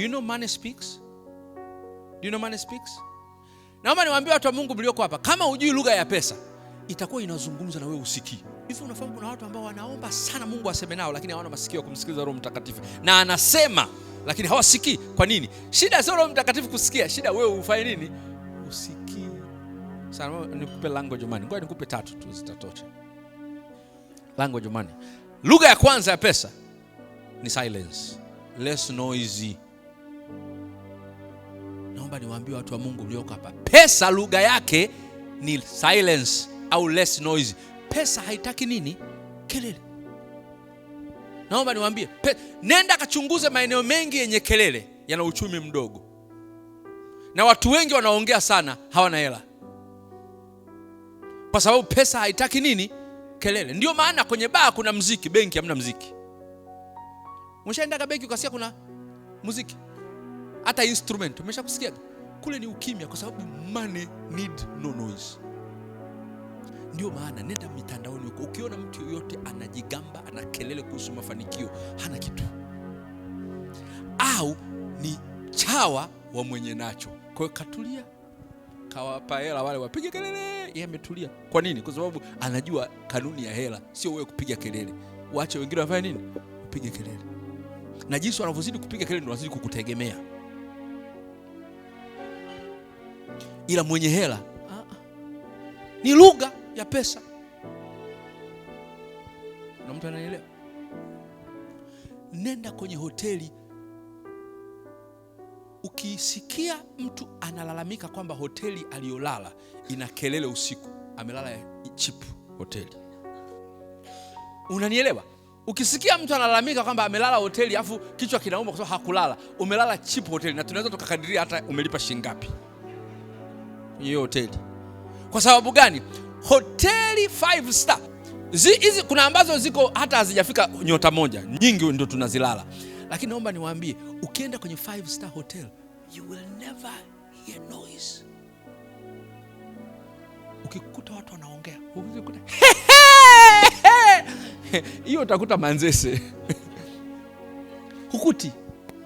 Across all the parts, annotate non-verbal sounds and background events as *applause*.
Do you know money speaks? Do you know money speaks? Naomba niwaambie watu wa Mungu mlioko hapa, kama hujui lugha ya pesa, itakuwa inazungumza na wewe usikii. Hivi unafahamu kuna watu ambao wanaomba sana Mungu aseme nao, lakini hawana masikio ya kumsikiliza Roho Mtakatifu, na anasema lakini hawasikii. Kwa nini? Shida sio Roho Mtakatifu kusikia, shida wewe ufanye nini? Usikii. Sana nikupe lango jumani, ngoja nikupe tatu tu zitatosha. Lango jumani, lugha ya kwanza ya pesa ni silence, less noisy naomba niwaambie watu wa Mungu mlioko hapa, pesa lugha yake ni silence au less noise. Pesa haitaki nini? Kelele. Naomba niwaambie, nenda kachunguze maeneo mengi yenye kelele yana uchumi mdogo, na watu wengi wanaongea sana, hawana hela, kwa sababu pesa haitaki nini? Kelele. Ndio maana kwenye baa kuna mziki, benki hamna mziki. Umeshaenda benki ukasikia kuna muziki hata instrument umeshakusikia kule ni ukimya, kwa sababu money need no noise. Ndio maana nenda mitandaoni huko, ukiona mtu yoyote anajigamba, ana kelele kuhusu mafanikio, hana kitu, au ni chawa wa mwenye nacho. Kwa hiyo katulia, kawapa hela wale wapige kelele, yeye ametulia. Kwa nini? Kwa sababu anajua kanuni ya hela, sio wewe kupiga kelele. Waache wengine wafanye nini? Upige kelele, na jinsi wanavyozidi kupiga kelele ndio wanazidi kukutegemea. ila mwenye hela ni lugha ya pesa, na mtu anaelewa. Nenda kwenye hoteli, ukisikia mtu analalamika kwamba hoteli aliyolala ina kelele usiku, amelala chip hoteli. Unanielewa? Ukisikia mtu analalamika kwamba amelala hoteli afu kichwa kinauma kwa sababu hakulala, umelala chip hoteli, na tunaweza tukakadiria hata umelipa shilingi ngapi hiyo hoteli. Kwa sababu gani? Hoteli 5 star hizi, kuna ambazo ziko hata hazijafika nyota moja, nyingi ndio tunazilala, lakini naomba niwaambie, ukienda kwenye 5 star hotel you will never hear noise. Ukikuta watu wanaongea *laughs* hiyo utakuta Manzese *laughs* hukuti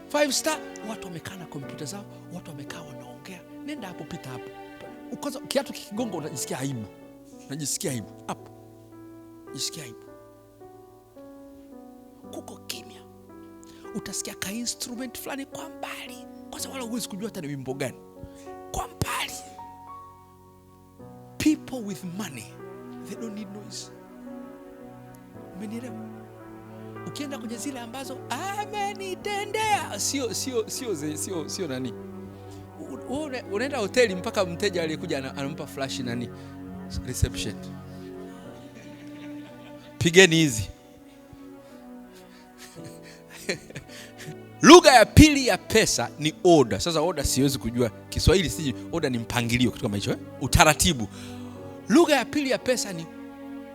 five star, watu wamekaa na kompyuta zao, watu wamekaa wanaongea. Nenda hapo, pita hapo kwanza kiatu kikigonga unajisikia aibu, unajisikia aibu hapo, jisikia aibu, kuko kimya. Utasikia ka instrument fulani kwa mbali, kwanza wala huwezi kujua hata ni wimbo gani, kwa mbali. People with money they don't need noise. Umenielewa? Ukienda kwenye zile ambazo amenitendea, sio sio sio sio sio nani unaenda hoteli mpaka mteja aliyekuja anampa flash nani reception. Pigeni hizi. Lugha ya pili ya pesa ni oda. Sasa oda siwezi kujua Kiswahili, siji oda ni mpangilio kutoka maisha eh? Utaratibu. Lugha ya pili ya pesa ni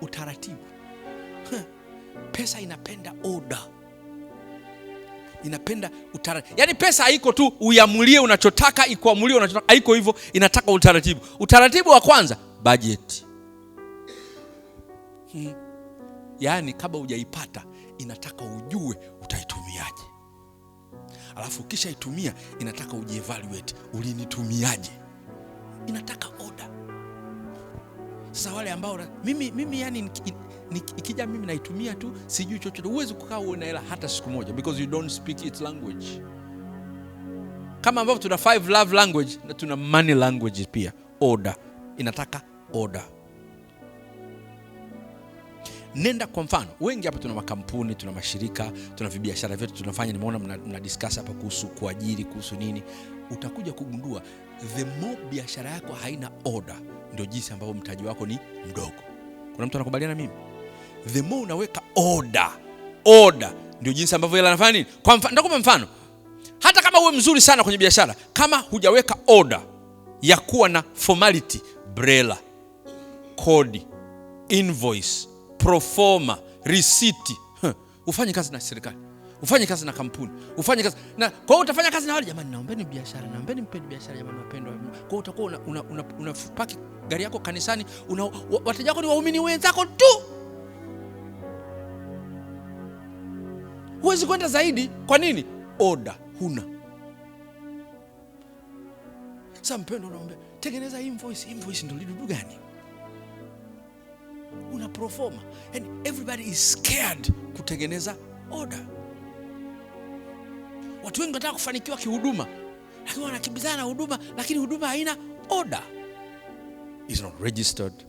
utaratibu. Pesa inapenda oda inapenda utaratibu. Yaani pesa haiko tu uiamulie unachotaka ikuamulie unachotaka, haiko hivyo, inataka utaratibu. Utaratibu wa kwanza bajeti hmm. Yaani kabla hujaipata inataka ujue utaitumiaje, alafu ukisha itumia inataka ujievaluate, ulinitumiaje, inataka oda. Sasa wale ambao mimi, mimi yani in, in, ikija mimi naitumia tu, sijui chochote. Huwezi kukaa uwe hela hata siku moja, because you don't speak its language. Kama ambavyo tuna five love language na tuna money language pia. Order inataka order. Nenda kwa mfano, wengi hapa tuna makampuni, tuna mashirika, tuna vibiashara vyetu tunafanya. Nimeona mna, mna discuss hapa kuhusu kuajiri, kuhusu nini. Utakuja kugundua the more biashara yako haina order, ndio jinsi ambavyo mtaji wako ni mdogo. Kuna mtu anakubaliana mimi? the more unaweka order, order ndio jinsi ambavyo hela anafanya nini. Kwa mfano, nitakupa mfano, hata kama uwe mzuri sana kwenye biashara, kama hujaweka order ya kuwa na formality, BRELA, kodi, invoice, proforma, risiti, ufanye kazi na serikali ufanye kazi na kampuni ufanye kazi na, kwa hiyo utafanya kazi na wale jamani, naombeni biashara, naombeni mpeni biashara jamani, wapendwa. Kwa hiyo utakuwa unapaki una, una, una gari yako kanisani, wateja wako ni waumini wenzako tu. huwezi kwenda zaidi. Kwa nini? Oda huna. sa mpendo, unaomba tengeneza invoice. Invoice ndo lidudu gani? Una performa and everybody is scared kutengeneza oda. Watu wengi wanataka kufanikiwa kihuduma, lakini wanakimbizana na huduma, lakini huduma haina oda, is not registered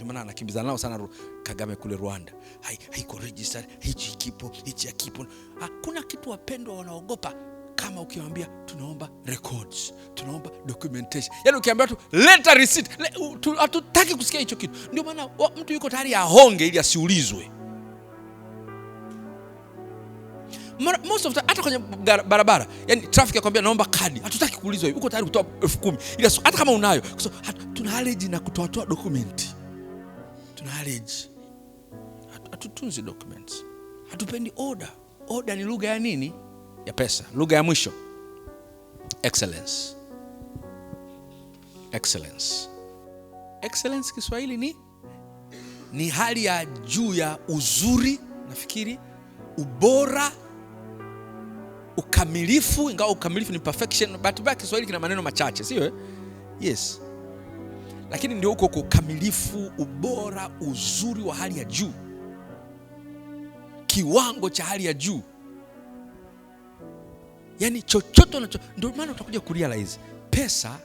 ndio maana anakimbizana nao sana Kagame kule Rwanda. Hai, haiko register, hichi kipo, hichi hakipo. Hakuna kitu wapendwa wanaogopa kama ukiwaambia tunaomba records, tunaomba documentation. yani ukiambia tu leta receipt, hatutaki kusikia hicho kitu. Ndio maana mtu yuko tayari ahonge ili asiulizwe. Most of the, hata kwenye barabara yani traffic akwambia naomba kadi, hatutaki kuulizwa. Uko tayari kutoa elfu kumi hata kama unayo. So, tuna allergy na toa document tuna allergy, hatutunzi documents, hatupendi oda. Oda ni lugha ya nini? Ya pesa. Lugha ya mwisho excellence, excellence, excellence Kiswahili ni ni hali ya juu ya uzuri, nafikiri ubora, ukamilifu, ingawa ukamilifu ni perfection, but back Kiswahili kina maneno machache, sio? Eh? Yes lakini ndio huko kwa ukamilifu, ubora, uzuri wa hali ya juu, kiwango cha hali ya juu, yaani chochote unacho. Ndio maana utakuja kurealize pesa,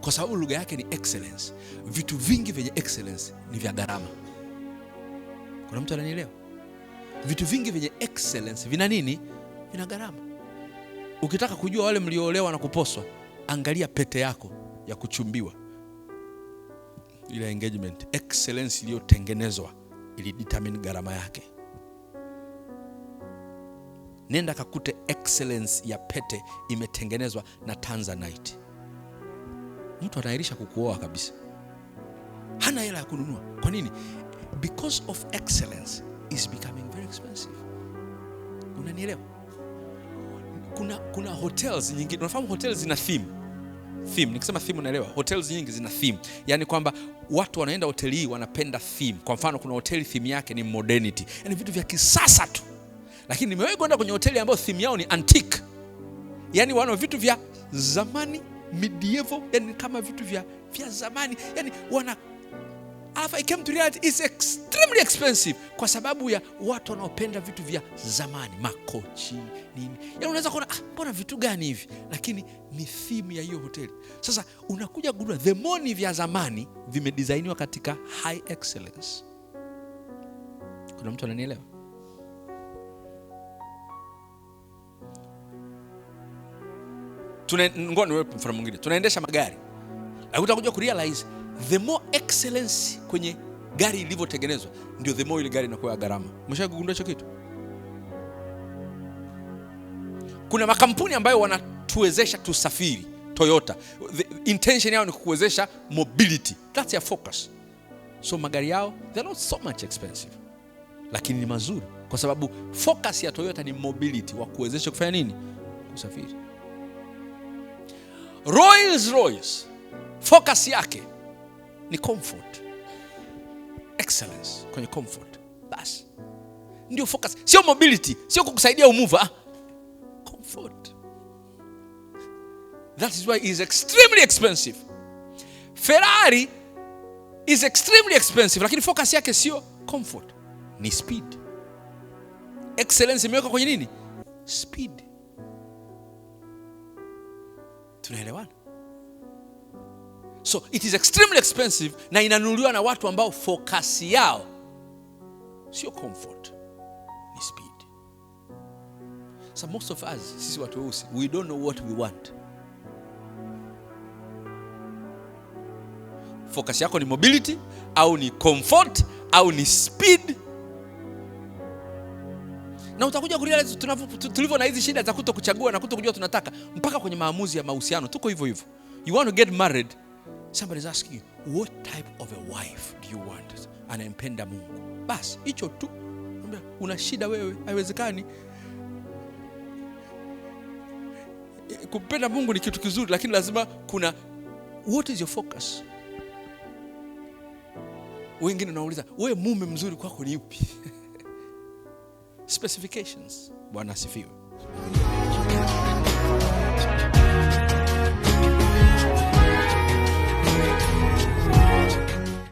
kwa sababu lugha yake ni excellence. Vitu vingi vyenye excellence ni vya gharama. Kuna mtu ananielewa? Vitu vingi vyenye excellence vina nini? Vina gharama. Ukitaka kujua wale mlioolewa na kuposwa, angalia pete yako ya kuchumbiwa ile engagement excellence iliyotengenezwa ilidetermine gharama yake. Nenda kakute excellence ya pete imetengenezwa na Tanzanite. Mtu anaahirisha kukuoa kabisa, hana hela ya kununua. Kwa nini? Because of excellence is becoming very expensive. Unanielewa? Kuna, kuna hotels nyingine, unafahamu hotels zina theme theme. Nikisema theme unaelewa, hotels nyingi zina theme, yaani kwamba watu wanaenda hoteli hii wanapenda theme. Kwa mfano, kuna hoteli theme yake ni modernity, yaani vitu vya kisasa tu, lakini nimewahi kwenda kwenye hoteli ambayo theme yao ni antique, yaani wana vitu vya zamani medieval, yani kama vitu vya, vya zamani, yani wana alafu I came to realize it's extremely expensive kwa sababu ya watu wanaopenda vitu vya zamani, makochi nini. Yaani unaweza kuona ah, mbona vitu gani hivi, lakini ni theme ya hiyo hoteli. Sasa unakuja the themoni vya zamani vimedisainiwa katika high excellence. Kuna mtu ananielewa? Tuna ngoja mfano mwingine, tunaendesha magari lakini utakuja kurealize the more excellence kwenye gari ilivyotengenezwa ndio the more ile gari inakuwa gharama. Mshagundua hicho kitu? Kuna makampuni ambayo wanatuwezesha tusafiri. Toyota, the intention yao ni kukuwezesha mobility, that's their focus. So magari yao they're not so much expensive, lakini ni mazuri kwa sababu focus ya Toyota ni mobility, wa kuwezesha kufanya nini? Kusafiri. Rolls Royce focus yake ni comfort excellence kwenye comfort bas ndio focus sio mobility sio kukusaidia umuva ah. comfort that is why is extremely expensive ferrari is extremely expensive lakini focus yake sio comfort ni speed excellence imewekwa kwenye nini speed tunaelewana So it is extremely expensive na inanuliwa na watu ambao focus yao sio comfort, ni speed. So most of us sisi watu weusi we don't know what we want. Focus yako ni mobility au ni comfort au ni speed, na utakuja kurealize tulivyo na hizi shida za kuto kuchagua na kuto kujua tunataka, mpaka kwenye maamuzi ya mahusiano tuko hivyo hivyo. You want to get married Somebody's asking you, what type of a wife do you want? Anampenda Mungu. Basi hicho tu. Una shida wewe, haiwezekani. Kumpenda Mungu ni kitu kizuri, lakini lazima kuna what is your focus? Wengine unauliza, wewe mume mzuri kwako ni upi? *laughs* Specifications. Bwana asifiwe.